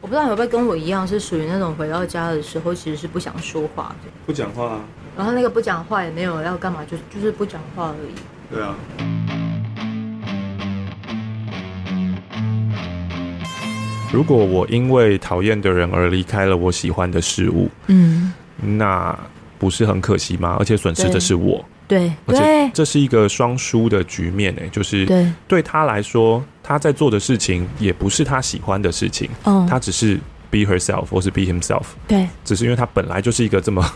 我不知道有沒有跟我一樣，是屬於那種回到家的時候，其實是不想說話的。不講話啊。然後那個不講話也沒有要幹嘛就，就就是不講話而已。對啊。如果我因為討厭的人而離開了我喜歡的事物，嗯，那不是很可惜嗎？而且損失的是我。對，對，而且這是一個雙輸的局面呢，欸，就是對他來說，他在做的事情也不是他喜歡的事情，嗯，他只是 be herself 或是 be himself，對，只是因為他本來就是一個這麼，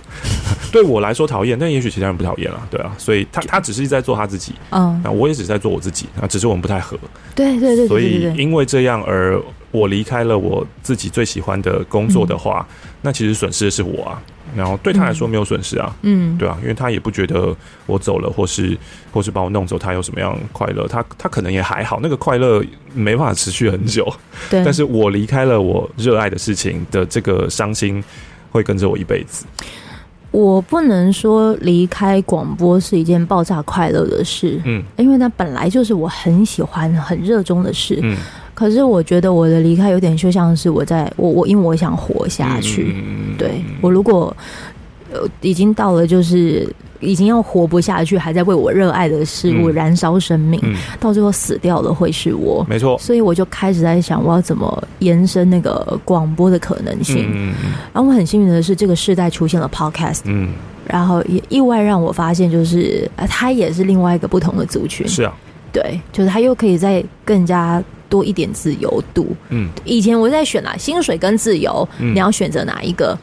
對我來說討厭，但也許其他人不討厭啊。對啊，所以他他只是在做他自己，嗯，那我也只是在做我自己，啊，只是我們不太合，對對對，對，所以因為這樣而。我離開了我自己最喜歡的工作的話，嗯、那其實損失的是我啊。然後對他來說沒有損失啊。嗯，對啊，因為他也不覺得我走了，或是或是把我弄走，他有什麼樣的快樂？他他可能也還好，那個快樂沒辦法持續很久。對，但是我離開了我熱愛的事情的這個傷心會跟着我一輩子。我不能說離開廣播是一件爆炸快樂的事，嗯，因為那本來就是我很喜歡、很熱衷的事，嗯。嗯可是我覺得我的離開有點就像是我在我我因為我想活下去，對我如果呃已經到了就是已經要活不下去，還在為我熱愛的事物燃燒生命，到最後死掉了會是我沒錯，所以我就開始在想我要怎麼延伸那個廣播的可能性。嗯，然後我很幸運的是這個世代出現了 Podcast，嗯，然後也意外讓我發現就是它也是另外一個不同的族群，是啊，對，就是它又可以再更加，多一點自由度。嗯，以前我在選啦、啊，薪水跟自由，嗯、你要選擇哪一個？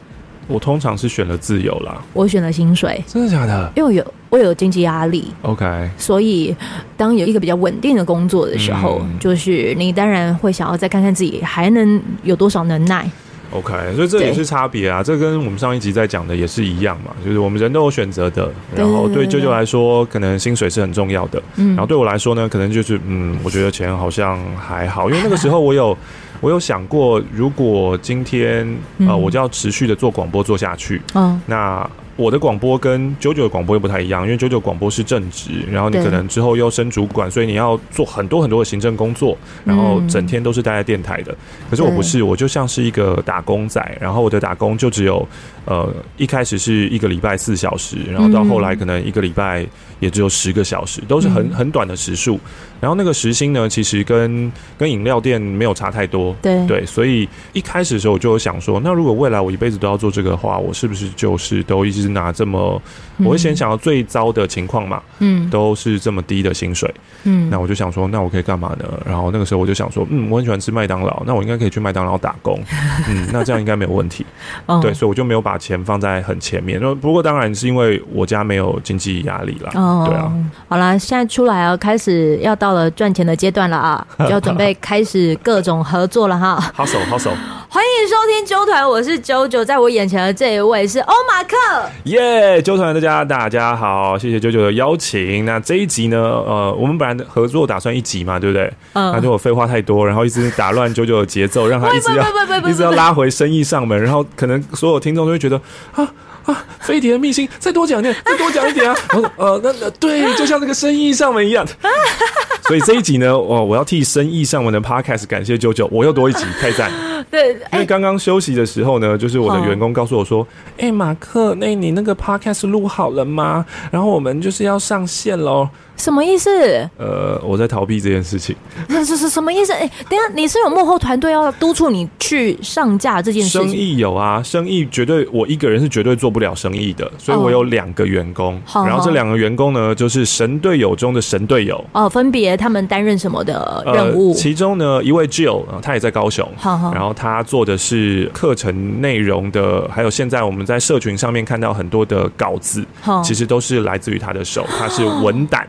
我通常是選了自由啦。我選了薪水，真的假的？因為我有我有經濟壓力。OK，所以當有一個比較穩定的工作的時候，嗯、就是你當然會想要再看看自己還能有多少能耐。OK，所以這也是差別啊，對這跟我們上一集在講的也是一樣嘛，就是我們人都有選擇的，對然後對舅舅來說，可能薪水是很重要的，嗯，然後對我來說呢，可能就是嗯，我覺得錢好像還好，因為那個時候我有 我有想過，如果今天啊、呃，我就要持續的做廣播做下去，嗯，那。我的廣播跟啾啾的廣播也不太一樣，因為啾啾廣播是正職，然後你可能之後又升主管，對所以你要做很多很多的行政工作，嗯、然後整天都是待在電台的。可是我不是，對我就像是一個打工仔，然後我的打工就只有呃，一開始是一個禮拜四小時，然後到後來可能一個禮拜也只有十個小時，嗯、都是很很短的時數。嗯、然後那個時薪呢，其實跟跟飲料店沒有差太多，對對，所以一開始的時候我就有想說，那如果未來我一輩子都要做這個的話，我是不是就是都一直。拿、啊、這麼，我會先想到最糟的情況嘛，嗯，都是這麼低的薪水，嗯，那我就想說，那我可以幹嘛呢？然後那個時候我就想說，嗯，我很喜歡吃麥當勞，那我應該可以去麥當勞打工， 嗯，那這樣應該沒有問題，哦、對，所以我就沒有把錢放在很前面。不過當然是因為我家沒有經濟壓力啦，哦，對啊，好啦，現在出來啊、哦，開始要到了賺錢的階段了啊，就要準備開始各種合作了哈，Hustle, hustle。歡迎收聽啾團，我是 JoJo，在我眼前的這一位是歐馬克。耶、yeah,，啾團大家大家好，謝謝 JoJo 的邀請。那這一集呢？呃，我們本來合作打算一集嘛，對不對？嗯。那就、啊、我廢話太多，然後一直打亂 JoJo 的節奏， 讓他一直要不不不不一直要拉回生意上門，然後可能所有聽眾都會覺得啊。啊、飛碟的秘辛，再多講一點，再多講一點啊！我 呃，那，那對，就像那個生意上門一樣，所以這一集呢，哦、我要替生意上門的 podcast 感謝啾啾，我又多一集，太贊！ 對，因為剛剛休息的時候呢，就是我的員工告訴我說，哎、嗯、欸，馬克，那你那個 podcast 錄好了嗎？然後我們就是要上線嘍。什麼意思？呃，我在逃避這件事情。是是什麼意思？哎、欸，等一下，你是有幕後團隊要督促你去上架這件事情？生意有啊，生意絕對，我一個人是絕對做不了生意的，所以我有兩個員工。哦、然後這兩個員工呢，就是神隊友中的神隊友。哦，分別他們擔任什麼的任務？呃、其中呢，一位摯友，他也在高雄。好、哦，然後他做的是課程內容的，還有現在我們在社群上面看到很多的稿子，哦、其實都是來自於他的手，他是文膽。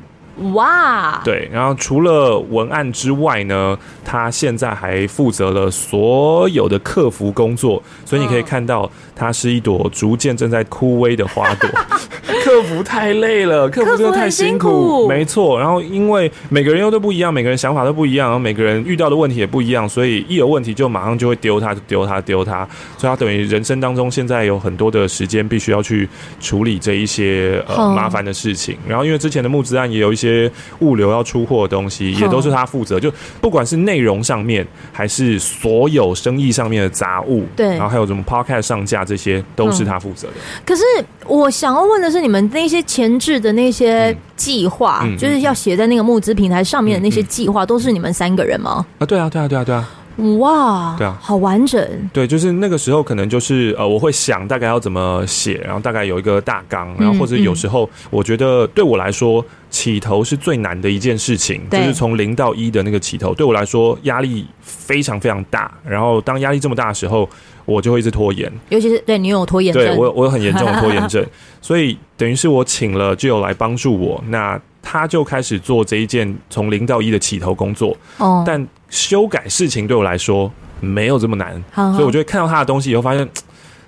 哇，Wow. 對，然後除了文案之外呢，他現在還負責了所有的客服工作，所以你可以看到，它是一朵逐漸正在枯萎的花朵。 客服太累了，客服真的太辛苦，辛苦沒錯。然後因為每個人又都不一樣，每個人想法都不一樣，然後每個人遇到的問題也不一樣，所以一有問題就馬上就會丟他，丟他，丟他。所以他等於人生當中現在有很多的時間必須要去處理這一些呃、嗯、麻煩的事情。然後因為之前的募資案也有一些物流要出貨的東西，也都是他負責。就不管是內容上面，還是所有生意上面的雜物，對，然後還有什麼 Podcast 上架，這些都是他負責的。嗯、可是。我想要問的是，你們那些前置的那些計劃，嗯、就是要寫在那個募資平台上面的那些計劃，嗯、都是你們三個人嗎？啊，對啊，對啊，對啊，對啊。哇，wow, 對啊，好完整。對，就是那個時候可能就是呃，我會想大概要怎麼寫，然後大概有一個大綱，然後或者有時候我覺得對我來說起頭是最難的一件事情，對就是從零到一的那個起頭，對我來說壓力非常非常大。然後當壓力這麼大的時候，我就會一直拖延。尤其是對，你有拖延症，對我我有很嚴重的拖延症， 所以等於是我請了 JoJo 來幫助我，那他就開始做這一件從零到一的起頭工作。哦，oh. 但。修改事情對我來說沒有這麼難，好好，所以我就會看到他的東西以後，發現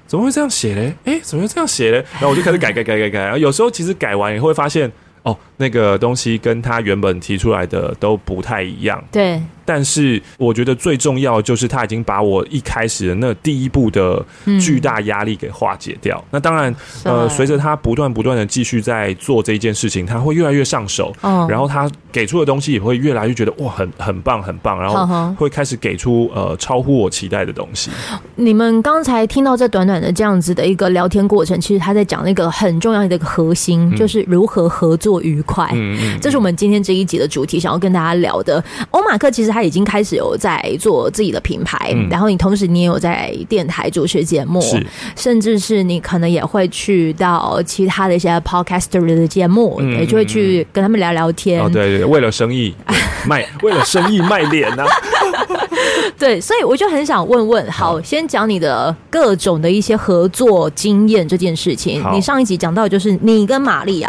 怎麼會這樣寫嘞？誒，怎麼會這樣寫嘞、欸？然後我就開始改改改改改。然後有時候其實改完以後會發現哦。那個東西跟他原本提出來的都不太一樣，對。但是我覺得最重要就是他已經把我一開始的那第一步的巨大壓力給化解掉。嗯、那當然，的呃，隨着他不斷不斷的繼續在做這一件事情，他會越來越上手。哦。然後他給出的東西也會越來越覺得哇，很很棒，很棒。然後會開始給出呃超乎我期待的東西。你們剛才聽到這短短的這樣子的一個聊天過程，其實他在講那個很重要的一個核心，就是如何合作與。快，嗯嗯，這是我們今天這一集的主題，想要跟大家聊的。歐馬克其實他已經開始有在做自己的品牌，嗯、然後你同時你也有在電台主持節目，是，甚至是你可能也會去到其他的一些 podcast 的節目，也、嗯嗯、就會去跟他們聊聊天。哦、對，對對，為了生意 賣，為了生意賣臉呢、啊。 對，所以我就很想問問，好，好先講你的各種的一些合作經驗這件事情。好你上一集講到的就是你跟瑪莉亞，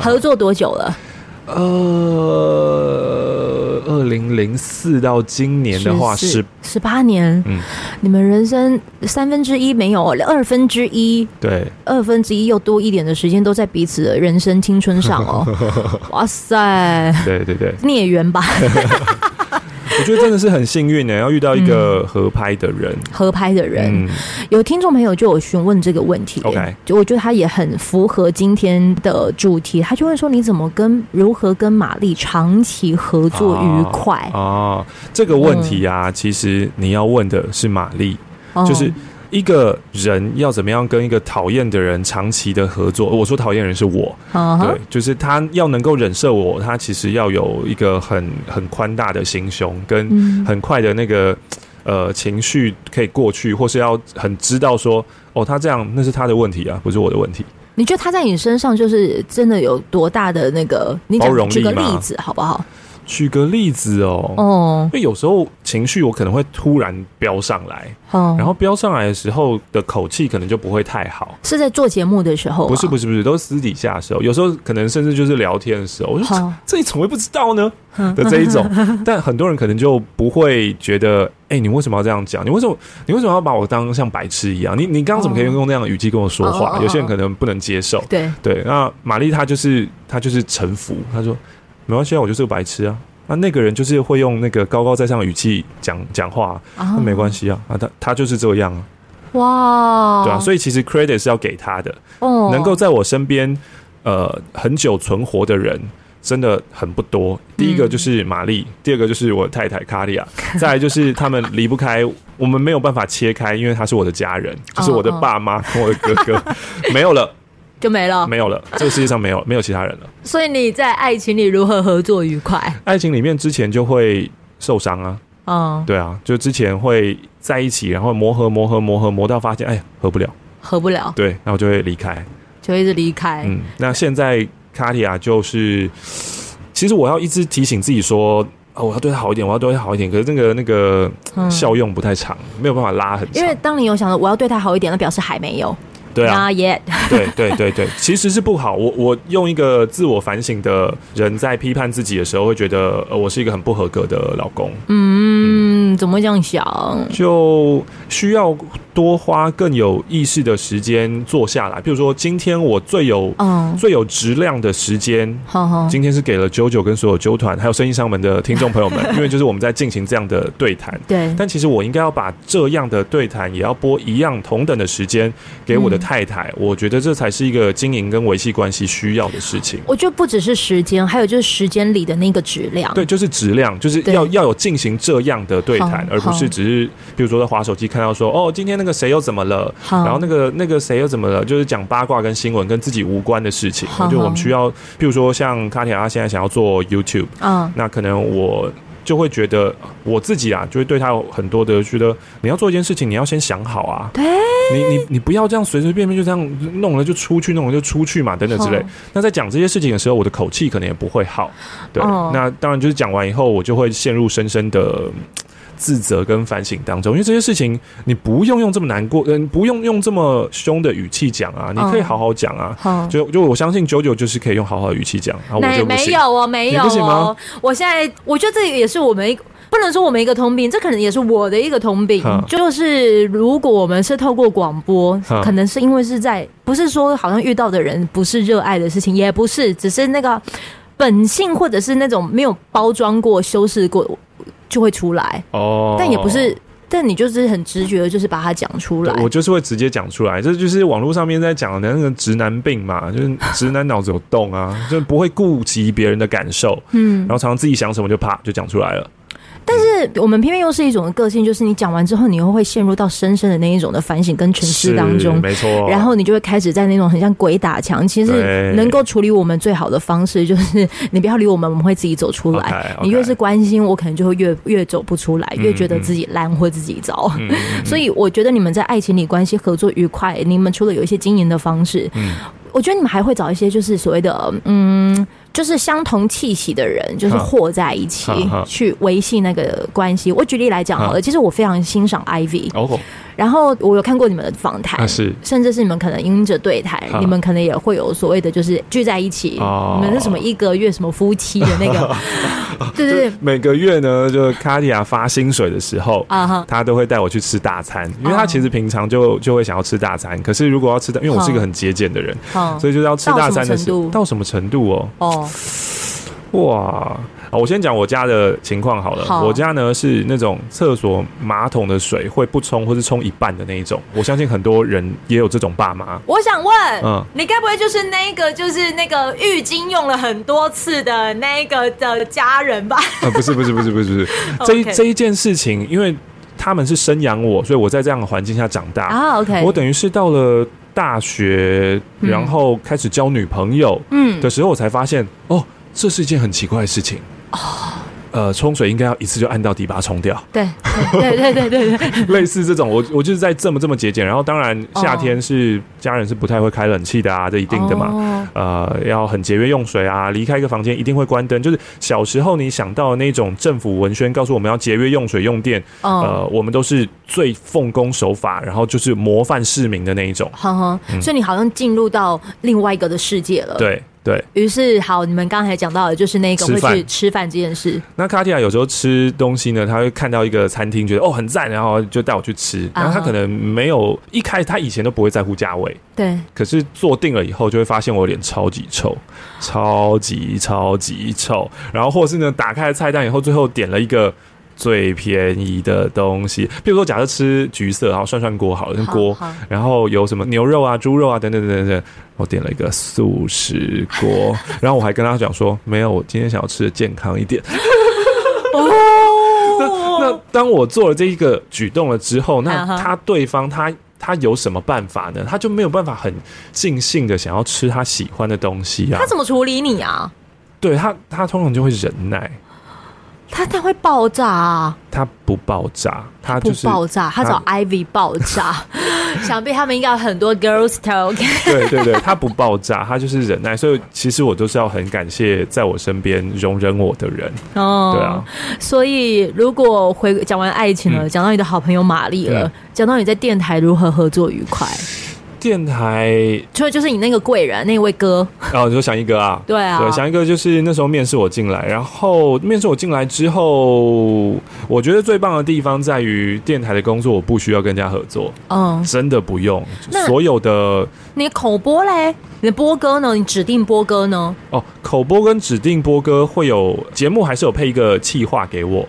合作多多久了？呃，二零零四到今年的話是，是十八年。嗯，你們人生三分之一沒有，二分之一對，二分之一又多一點的時間都在彼此的人生青春上哦。 哇塞，對對對，孽緣吧。 我覺得真的是很幸運的、欸，要遇到一個合拍的人。合、嗯、拍的人，嗯、有聽眾朋友就有詢問這個問題、欸。OK，就我覺得他也很符合今天的主題。他就問說：“你怎麼跟如何跟瑪麗長期合作愉快？”哦，哦，這個問題啊，嗯、其實你要問的是瑪麗，就是。哦一個人要怎麼樣跟一個討厭的人長期的合作？我說討厭人是我，uh huh. 對，就是他要能夠忍受我，他其實要有一個很很寬大的心胸，跟很快的那個呃情緒可以過去，或是要很知道說，哦，他這樣那是他的問題啊，不是我的問題。你覺得他在你身上就是真的有多大的那個，你講包容力嘛。舉個例子好不好？舉個例子哦、喔，哦，oh. 因為有時候情緒我可能會突然飆上來，嗯，oh. 然後飆上來的時候的口氣可能就不會太好，是在做節目的時候？不是不是不是，都是私底下的時候，有時候可能甚至就是聊天的時候，我就說這你怎麼會不知道呢？的、oh. 這一種，但很多人可能就不會覺得，哎、欸，你為什麼要這樣講？你為什麼你為什麼要把我當像白痴一樣？你你剛剛怎麼可以用那樣的語氣跟我說話？Oh. Oh. Oh. 有些人可能不能接受，對對。那瑪麗她就是她就是臣服，她說。沒關係啊，我就是個白痴啊。那、啊、那個人就是會用那個高高在上的語氣講講話，啊，那、oh. 沒關係啊。啊，他他就是這樣啊。哇，Wow. 對啊，所以其實 credit 是要給他的。哦。Oh. 能夠在我身邊，呃，很久存活的人真的很不多。第一個就是瑪麗，mm. 第二個就是我的太太卡利亞，再來就是他們離不開， 我們沒有辦法切開，因為他是我的家人，就是我的爸媽，和我的哥哥，oh. 沒有了。就沒了，沒有了，這個世界上沒有沒有其他人了。 所以你在愛情裡如何合作愉快？愛情裡面之前就會受傷啊。嗯，對啊，就之前會在一起，然後磨合磨合磨合，磨合磨到發現，哎呀，合不了，合不了。對，那我就會離開，就一直離開。嗯，那現在卡迪亞就是，其實我要一直提醒自己說，哦，我要對他好一點，我要對他好一點。可是那個那個，嗯，效用不太長，沒有辦法拉很長。因為當你有想到我要對他好一點，那表示還沒有。對啊，對對對對， 其實是不好。我我用一個自我反省的人在批判自己的時候，會覺得我是一個很不合格的老公。嗯。嗯嗯、怎麼會這樣想？就需要多花更有意識的時間坐下來。譬如說，今天我最有嗯最有質量的時間，好好今天是給了 JoJo 跟所有啾團還有聲藝上門的聽眾朋友們， 因為就是我們在進行這樣的對談。對，但其實我應該要把這樣的對談也要播一樣同等的時間給我的太太。嗯、我覺得這才是一個經營跟維繫關係需要的事情。我覺得不只是時間，還有就是時間裡的那個質量。對，就是質量，就是要對要有進行這樣的對。談，而不是只是比如說，在滑手機看到說好哦，今天那個誰又怎麼了？好然後那個那個誰又怎麼了？就是講八卦跟新聞跟自己無關的事情。好就我們需要，比好如說像卡提亞現在想要做 YouTube，嗯，那可能我就會覺得我自己啊，就會對他有很多的覺得，你要做一件事情，你要先想好啊。對，你你你不要這樣隨隨便便就這樣弄了就出去弄了就出去嘛等等之類。好那在講這些事情的時候，我的口氣可能也不會好。對，嗯，那當然就是講完以後，我就會陷入深深的。自責跟反省當中，因為這些事情你不用用這麼難過，嗯，不用用這麼凶的語氣講啊，你可以好好講啊。嗯、就就我相信 JoJo 就是可以用好好的語氣講，然後我就不行、嗯啊、沒有我、哦、沒有。你不行嗎？我現在我覺得這也是我們不能說我們一個通病，這可能也是我的一個通病。嗯、就是如果我們是透過廣播，嗯、可能是因為是在不是說好像遇到的人不是熱愛的事情，也不是，只是那個本性或者是那種沒有包裝過、修飾過。就會出來哦，oh. 但也不是，但你就是很直覺的，就是把它講出來。我就是會直接講出來，這就是網絡上面在講的那個直男病嘛，就是直男腦子有洞啊， 就不會顧及別人的感受，嗯， 然後常常自己想什麼就啪就講出來了。但是我們偏偏又是一種個性，就是你講完之後，你又會陷入到深深的那一種的反省跟沉思當中，沒錯。然後你就會開始在那種很像鬼打牆。其實能夠處理我們最好的方式，就是你不要理我們，我們會自己走出來。Okay, okay, 你越是關心我，可能就會越越走不出來，越覺得自己爛或自己糟。嗯嗯嗯嗯、 所以我覺得你們在愛情裡關係合作愉快，你們除了有一些經營的方式，嗯、我覺得你們還會找一些就是所謂的嗯。就是相同氣息的人，就是和在一起去維繫那個關係。我舉例來講好了，好，其實我非常欣賞 Ivy。Oh. 然後我有看過你們的訪談，是，甚至是你們可能因着對台，你們可能也會有所謂的，就是聚在一起，你們是什麼一個月什麼夫妻的那個，就是每個月呢，就卡地亞發薪水的時候，他都會帶我去吃大餐，因為他其實平常就就會想要吃大餐，可是如果要吃，因為我是一個很節儉的人，所以就是要吃大餐的時候，到什麼程度哦？哦，哇。啊，我先講我家的情況好了。好啊。我家呢是那種廁所馬桶的水會不沖，或是沖一半的那一種。我相信很多人也有這種爸媽。我想問，嗯，你該不會就是那個就是那個浴巾用了很多次的那個的家人吧？啊，不是不是不是不是不是 Okay. 這一這一件事情，因為他們是生養我，所以我在這樣的環境下長大啊。Oh, OK，我等於是到了大學，然後開始交女朋友，嗯，嗯的時候，我才發現哦，這是一件很奇怪的事情。哦，呃，沖水應該要一次就按到底把它沖掉。對。對，對，對，對，對，對 類似這種，我我就是在這麼這麼節儉。然後，當然夏天是家人是不太會開冷氣的啊，哦，這一定的嘛。呃，要很節約用水啊，離開一個房間一定會關燈。就是小時候你想到的那種政府文宣告訴我們要節約用水用電，哦，呃，我們都是最奉公守法，然後就是模範市民的那一種。哼，呵，呵，嗯、所以你好像進入到另外一個的世界了。對。對，於是好，你們剛才講到的就是那個吃飯會去吃飯這件事。那卡蒂亞有時候吃東西呢，他會看到一個餐廳，覺得哦很讚，然後就帶我去吃。Uh huh. 然後他可能沒有一開始，他以前都不會在乎價位。對、uh。Huh. 可是坐定了以後，就會發現我臉超級臭，超級超級臭。然後或者是呢，打開了菜單以後，最後點了一個。最便宜的東西，比如說假設吃橘色，然後涮涮鍋，好的鍋，然後有什麼牛肉啊、豬肉啊等等等等等。我點了一個素食鍋， 然後我還跟他講說，沒有，我今天想要吃的健康一點。 哦那，那當我做了這一個舉動了之後，那他對方他他有什麼辦法呢？他就沒有辦法很盡興的想要吃他喜歡的東西啊。他怎麼處理你啊？對，他他通常就會忍耐。他他會爆炸啊！他不爆炸，他就是、不爆炸，他找 Ivy 爆炸。它想必他們應該有很多 girls talk 對對對，他不爆炸，他就是忍耐。所以其實我都是要很感謝在我身邊容忍我的人。哦，對啊。所以如果回講完愛情了，講、嗯、到你的好朋友瑪麗了，講、啊、到你在電台如何合作愉快。電台就就是你那個貴人那位哥，然後你說想一哥啊， 對啊，對想一哥就是那時候面試我進來，然後面試我進來之後，我覺得最棒的地方在於電台的工作，我不需要跟人家合作，嗯，真的不用，所有的你口播嘞，你的播歌呢，你指定播歌呢，哦，口播跟指定播歌會有節目，還是有配一個企劃給我。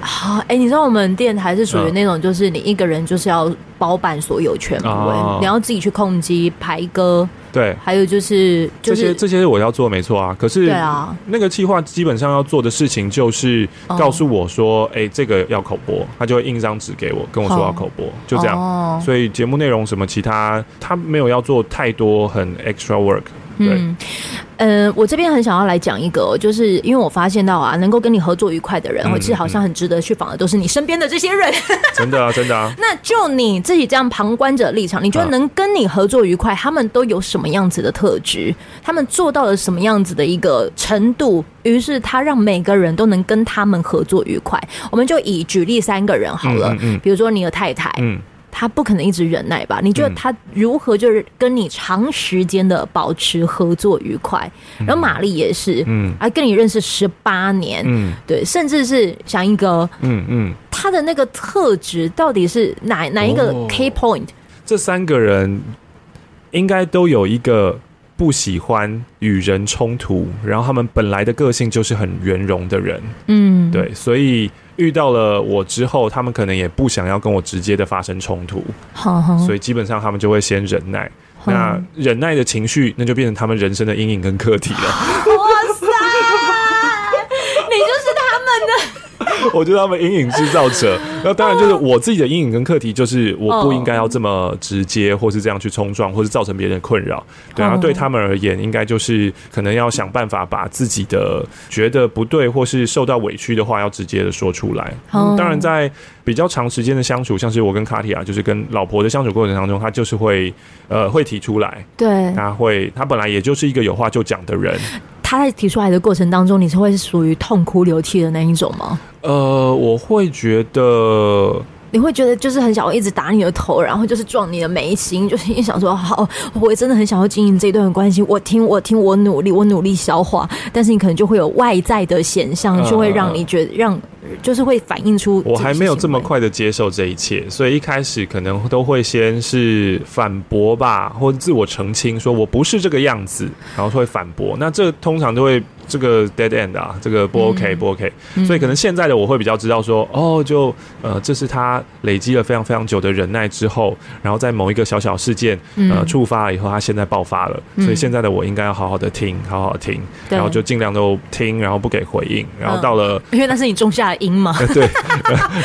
啊，哎、 欸，你知道我們電台是屬於那種，就是你一個人就是要包辦所有權嘛、欸，哎、哦，哦、你要自己去控機排歌，對，還有就是、就是、這些這些是我要做沒錯啊，可是對啊，那個企劃基本上要做的事情就是告訴我說，哎、哦欸，這個要口播，他就會印張紙給我，跟我說我要口播，哦、就這樣，所以節目內容什麼其他他沒有要做太多很 extra work，對。嗯嗯，我這邊很想要來講一個，就是因為我發現到啊，能夠跟你合作愉快的人，嗯嗯、其實好像很值得去訪的，都是你身邊的這些人。 真的啊，真的啊。那就你自己這樣旁觀者的立場，你覺得能跟你合作愉快，啊、他們都有什麼樣子的特質？他們做到了什麼樣子的一個程度？於是他讓每個人都能跟他們合作愉快。我們就以舉例三個人好了，嗯嗯、比如說你的太太。嗯他不可能一直忍耐吧？你覺得他如何就是跟你長時間的保持合作愉快？嗯、然後瑪麗也是，嗯，啊，跟你認識十八年，嗯，對，甚至是翔一哥、嗯，嗯嗯，他的那個特質到底是哪、嗯嗯、哪一個 key point？這三個人應該都有一個。不喜歡與人衝突，然後他們本來的個性就是很圓融的人，嗯，對，所以遇到了我之後，他們可能也不想要跟我直接的發生衝突，好好，所以基本上他們就會先忍耐，嗯、那忍耐的情緒，那就變成他們人生的陰影跟課題了。哇 我覺得他們陰影製造者，那當然就是我自己的陰影跟課題，就是我不應該要這麼直接，或是這樣去衝撞，或是造成別人的困擾。對，啊對他們而言，應該就是可能要想辦法把自己的覺得不對或是受到委屈的話，要直接的說出來。當然，在比較長時間的相處，像是我跟卡提亞，就是跟老婆的相處過程當中，他就是會呃會提出來，對，他會，他本來也就是一個有話就講的人。他在提出來的過程當中，你是會是屬於痛哭流涕的那一種嗎？呃，我會覺得，你會覺得就是很想要一直打你的頭，然後就是撞你的眉心，就是你想說，好，我真的很想要經營這一段關係，我聽，我聽，我努力，我努力消化，但是你可能就會有外在的現象，就會讓你覺得讓。呃就是會反映出我還沒有這麼快的接受這一切，所以一開始可能都會先是反駁吧，或者自我澄清，說我不是這個樣子，然後會反駁。那這通常都會這個 dead end 啊，這個不 OK 不 OK。嗯、所以可能現在的我會比較知道說，哦，就呃，這是他累積了非常非常久的忍耐之後，然後在某一個小小事件呃觸發了以後，他現在爆發了。所以現在的我應該要好好的聽，好好聽，然後就盡量都聽，然後不給回應，然後到了、嗯啊、因為那是你種下。贏贏嗎？ 對，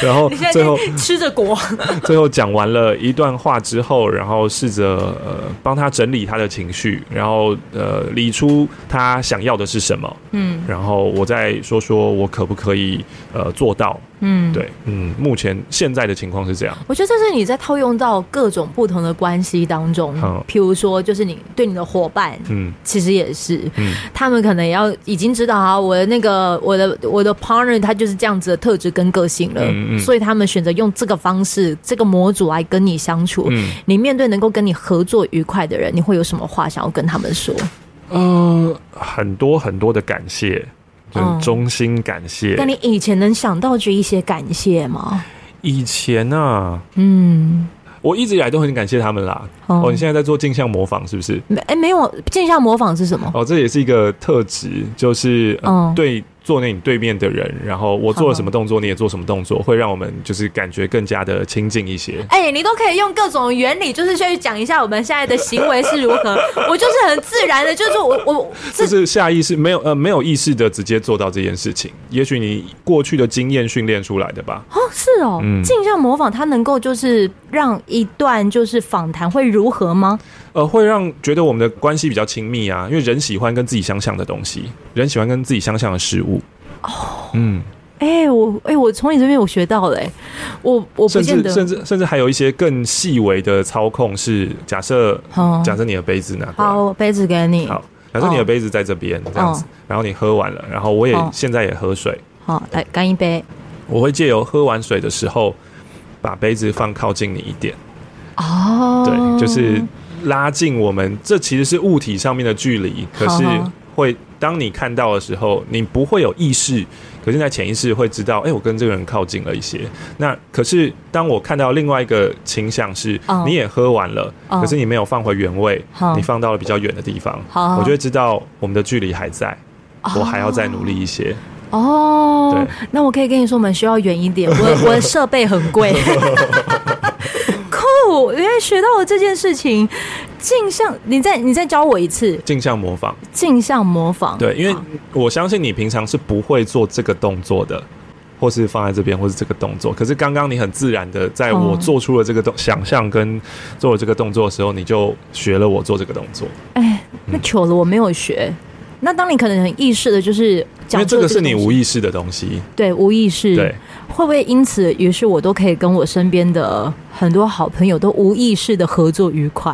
然後最後吃着鍋，最後講完了一段話之後，然後試着呃幫他整理他的情緒，然後呃理出他想要的是什麼，嗯，然後我再說說我可不可以。呃，做到，嗯，對，嗯，目前現在的情況是這樣。我覺得這是你在套用到各種不同的關係當中，嗯、哦，譬如說就是你對你的夥伴，嗯，其實也是，嗯，他們可能要已經知道啊，我的那個我的我的 partner 他就是這樣子的特質跟個性了，嗯，嗯，所以他們選擇用這個方式這個模組來跟你相處。嗯，你面對能夠跟你合作愉快的人，你會有什麼話想要跟他們說？嗯，呃，很多很多的感謝。很衷心感謝。那你以前能想到這一些感謝嗎？以前啊，嗯，我一直以來都很感謝他們啦。嗯、哦，你現在在做鏡像模仿是不是？哎、欸，沒有，鏡像模仿是什麼？哦，這也是一個特質，就是嗯，嗯，對。做那，你對面的人，然後我做了什麼動作，你也做什麼動作，會讓我們就是感覺更加的親近一些。哎、欸，你都可以用各種原理，就是先去講一下我們現在的行為是如何。 我就是很自然的，就是我我就是下意識，沒有呃沒有意識的直接做到這件事情。也許你過去的經驗訓練出來的吧。哦，是哦，鏡像、嗯、模仿它能夠就是讓一段就是訪談會如何嗎？呃，會讓覺得我們的關係比較親密啊，因為人喜歡跟自己相像的東西，人喜歡跟自己相像的事物。哦，嗯，哎、欸，我哎、欸，我從你這邊有學到嘞、欸，我我不見得甚至，甚至甚至還有一些更細微的操控是假，oh. 假設，假設你的杯子拿過來。好，杯子給你。好，假設你的杯子在這邊，oh. 這樣子，然後你喝完了，然後我也、oh. 現在也喝水。好，來乾一杯。我會借由喝完水的時候，把杯子放靠近你一點。哦，oh. 對，就是拉近我們，這其實是物體上面的距離，可是。Oh. 會，當你看到的時候，你不會有意識，可是在潛意識會知道，哎、欸，我跟這個人靠近了一些。那可是，當我看到另外一個傾向是，oh. 你也喝完了，oh. 可是你沒有放回原位，oh. 你放到了比較遠的地方，oh. 我就會知道我們的距離還在，oh. 我還要再努力一些。哦、oh. 對，那我可以跟你說，我們需要遠一點，我的我的設備很貴。 酷，原來學到了這件事情。鏡像，你再你再教我一次，鏡像模仿。鏡像模仿。對，因為我相信你平常是不會做這個動作的，或是放在這邊，或是這個動作。可是剛剛你很自然的，在我做出了這個動、哦、想象跟做了這個動作的時候，你就學了我做這個動作。哎！那糗了，嗯、我沒有學。那當你可能很意識的，就是因為這個是你無意識的東西，對，無意識，對，會不會因此，於是我都可以跟我身邊的。很多好朋友都無意識的合作愉快。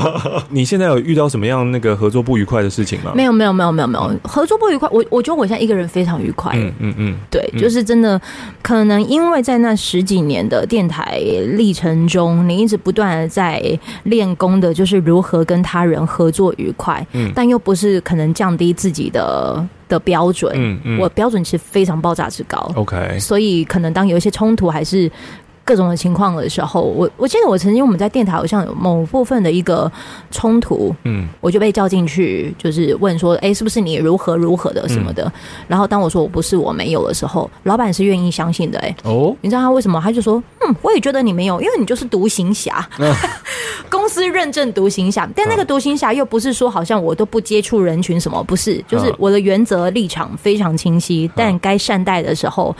你現在有遇到什麼樣那個合作不愉快的事情嗎？沒有,沒有,沒有,沒有，沒有，沒有，沒有，沒有合作不愉快。我我覺得我現在一個人非常愉快。嗯嗯嗯，嗯嗯對，嗯、就是真的，可能因為在那十幾年的電台歷程中，你一直不斷的在練功的，就是如何跟他人合作愉快。嗯，但又不是可能降低自己的的標準。嗯嗯，嗯我標準其實非常爆炸之高。OK，所以可能當有一些衝突還是。各種的情況的時候，我我記得我曾經我們在電台好像有某部分的一個衝突，嗯，我就被叫進去，就是問說，哎、欸，是不是你如何如何的什麼的？嗯、然後當我說我不是我沒有的時候，老板是願意相信的、欸，哎，哦，你知道他為什麼？他就說，嗯，我也覺得你沒有，因為你就是獨行俠， 公司認證獨行俠，但那個獨行俠又不是說好像我都不接觸人群什麼，不是，就是我的原則立場非常清晰，但該善待的時候。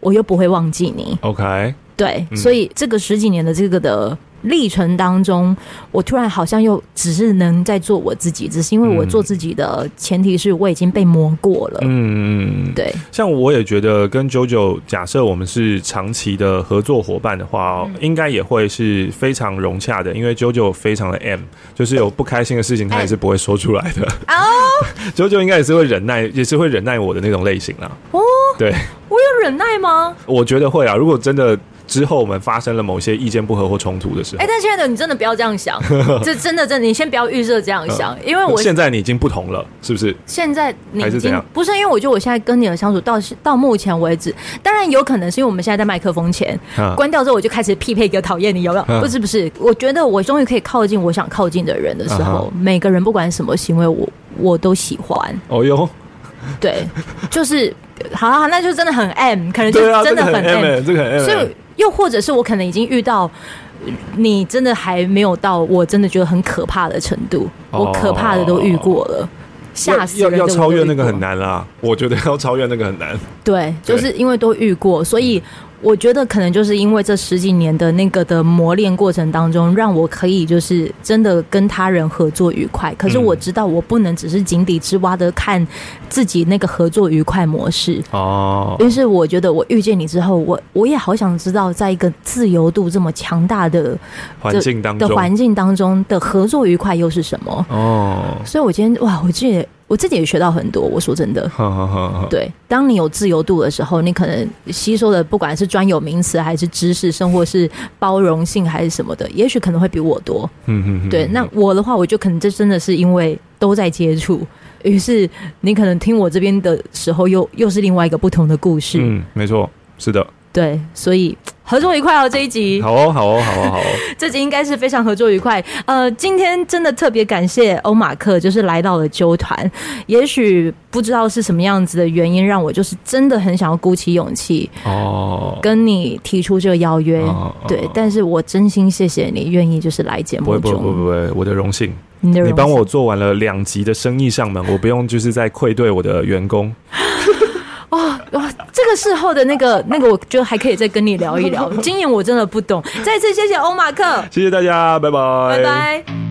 我又不會忘記你。OK，對，嗯、所以這個十幾年的這個的，歷程當中，我突然好像又只是能在做我自己，只是因為我做自己的前提是我已經被摸過了。嗯對。像我也覺得跟 JoJo，假設我們是長期的合作夥伴的話，嗯、應該也會是非常融洽的，因為 JoJo 非常的 M，就是有不開心的事情他也是不會說出來的。哦，JoJo 應該也是會忍耐，也是會忍耐我的那種類型啦哦，oh? 對，我有忍耐嗎？我覺得會啊。如果真的。之後我們發生了某些意見不合或衝突的時候，哎，但現在的你真的不要這樣想，這真的真的，你先不要預設這樣想，因為我現在你已經不同了，是不是？現在你已經不是因為我覺得我現在跟你的相處到到目前為止，當然有可能是因為我們現在在麥克風前關掉之後我就開始匹配一個討厭你，有沒有？不是不是，我覺得我終於可以靠近我想靠近的人的時候，每個人不管什麼行為，我我都喜歡。哦喲，對，就是好好好，那就真的很 M，可能就真的很 M，這個 M。又或者是我可能已經遇到，你真的還沒有到。我真的覺得很可怕的程度，哦、我可怕的都遇過了，嚇要死要，要超越那個很難啦，啊，我覺得要超越那個很難。對，對就是因為都遇過，所以。嗯我覺得可能就是因為這十幾年的那個的磨練過程當中，讓我可以就是真的跟他人合作愉快。可是我知道、嗯、我不能只是井底之蛙的看自己那個合作愉快模式。哦。因為是我覺得我遇見你之後，我我也好想知道，在一個自由度這麼強大的環境當中的環境當中的合作愉快又是什麼？哦。所以我今天哇，我自己也我自己也學到很多，我說真的，好好好。對。當你有自由度的時候，你可能吸收的，不管是專有名詞還是知識，生活是包容性還是什麼的，也許可能會比我多。嗯嗯，對。那我的話，我就可能這真的是因為都在接觸，於是你可能聽我這邊的時候又，又又是另外一個不同的故事。嗯，沒錯，是的。對，所以合作愉快哦！這一集好哦，好哦，好哦，好哦！ 這一集應該是非常合作愉快。呃，今天真的特別感謝歐馬克，就是來到了啾團。也許不知道是什麼樣子的原因，讓我就是真的很想要鼓起勇氣哦，哦，哦，哦，跟你提出這個邀約。哦哦哦對，但是我真心謝謝你願意就是來節目。不會不會不不會不，我的榮幸。你幫我做完了兩集的生意上門，我不用就是再愧對我的員工。 哇哇、哦哦，這個事後的那個那個，我覺得還可以再跟你聊一聊。 經驗我真的不懂，再次謝謝歐馬克，謝謝大家，拜拜，拜拜。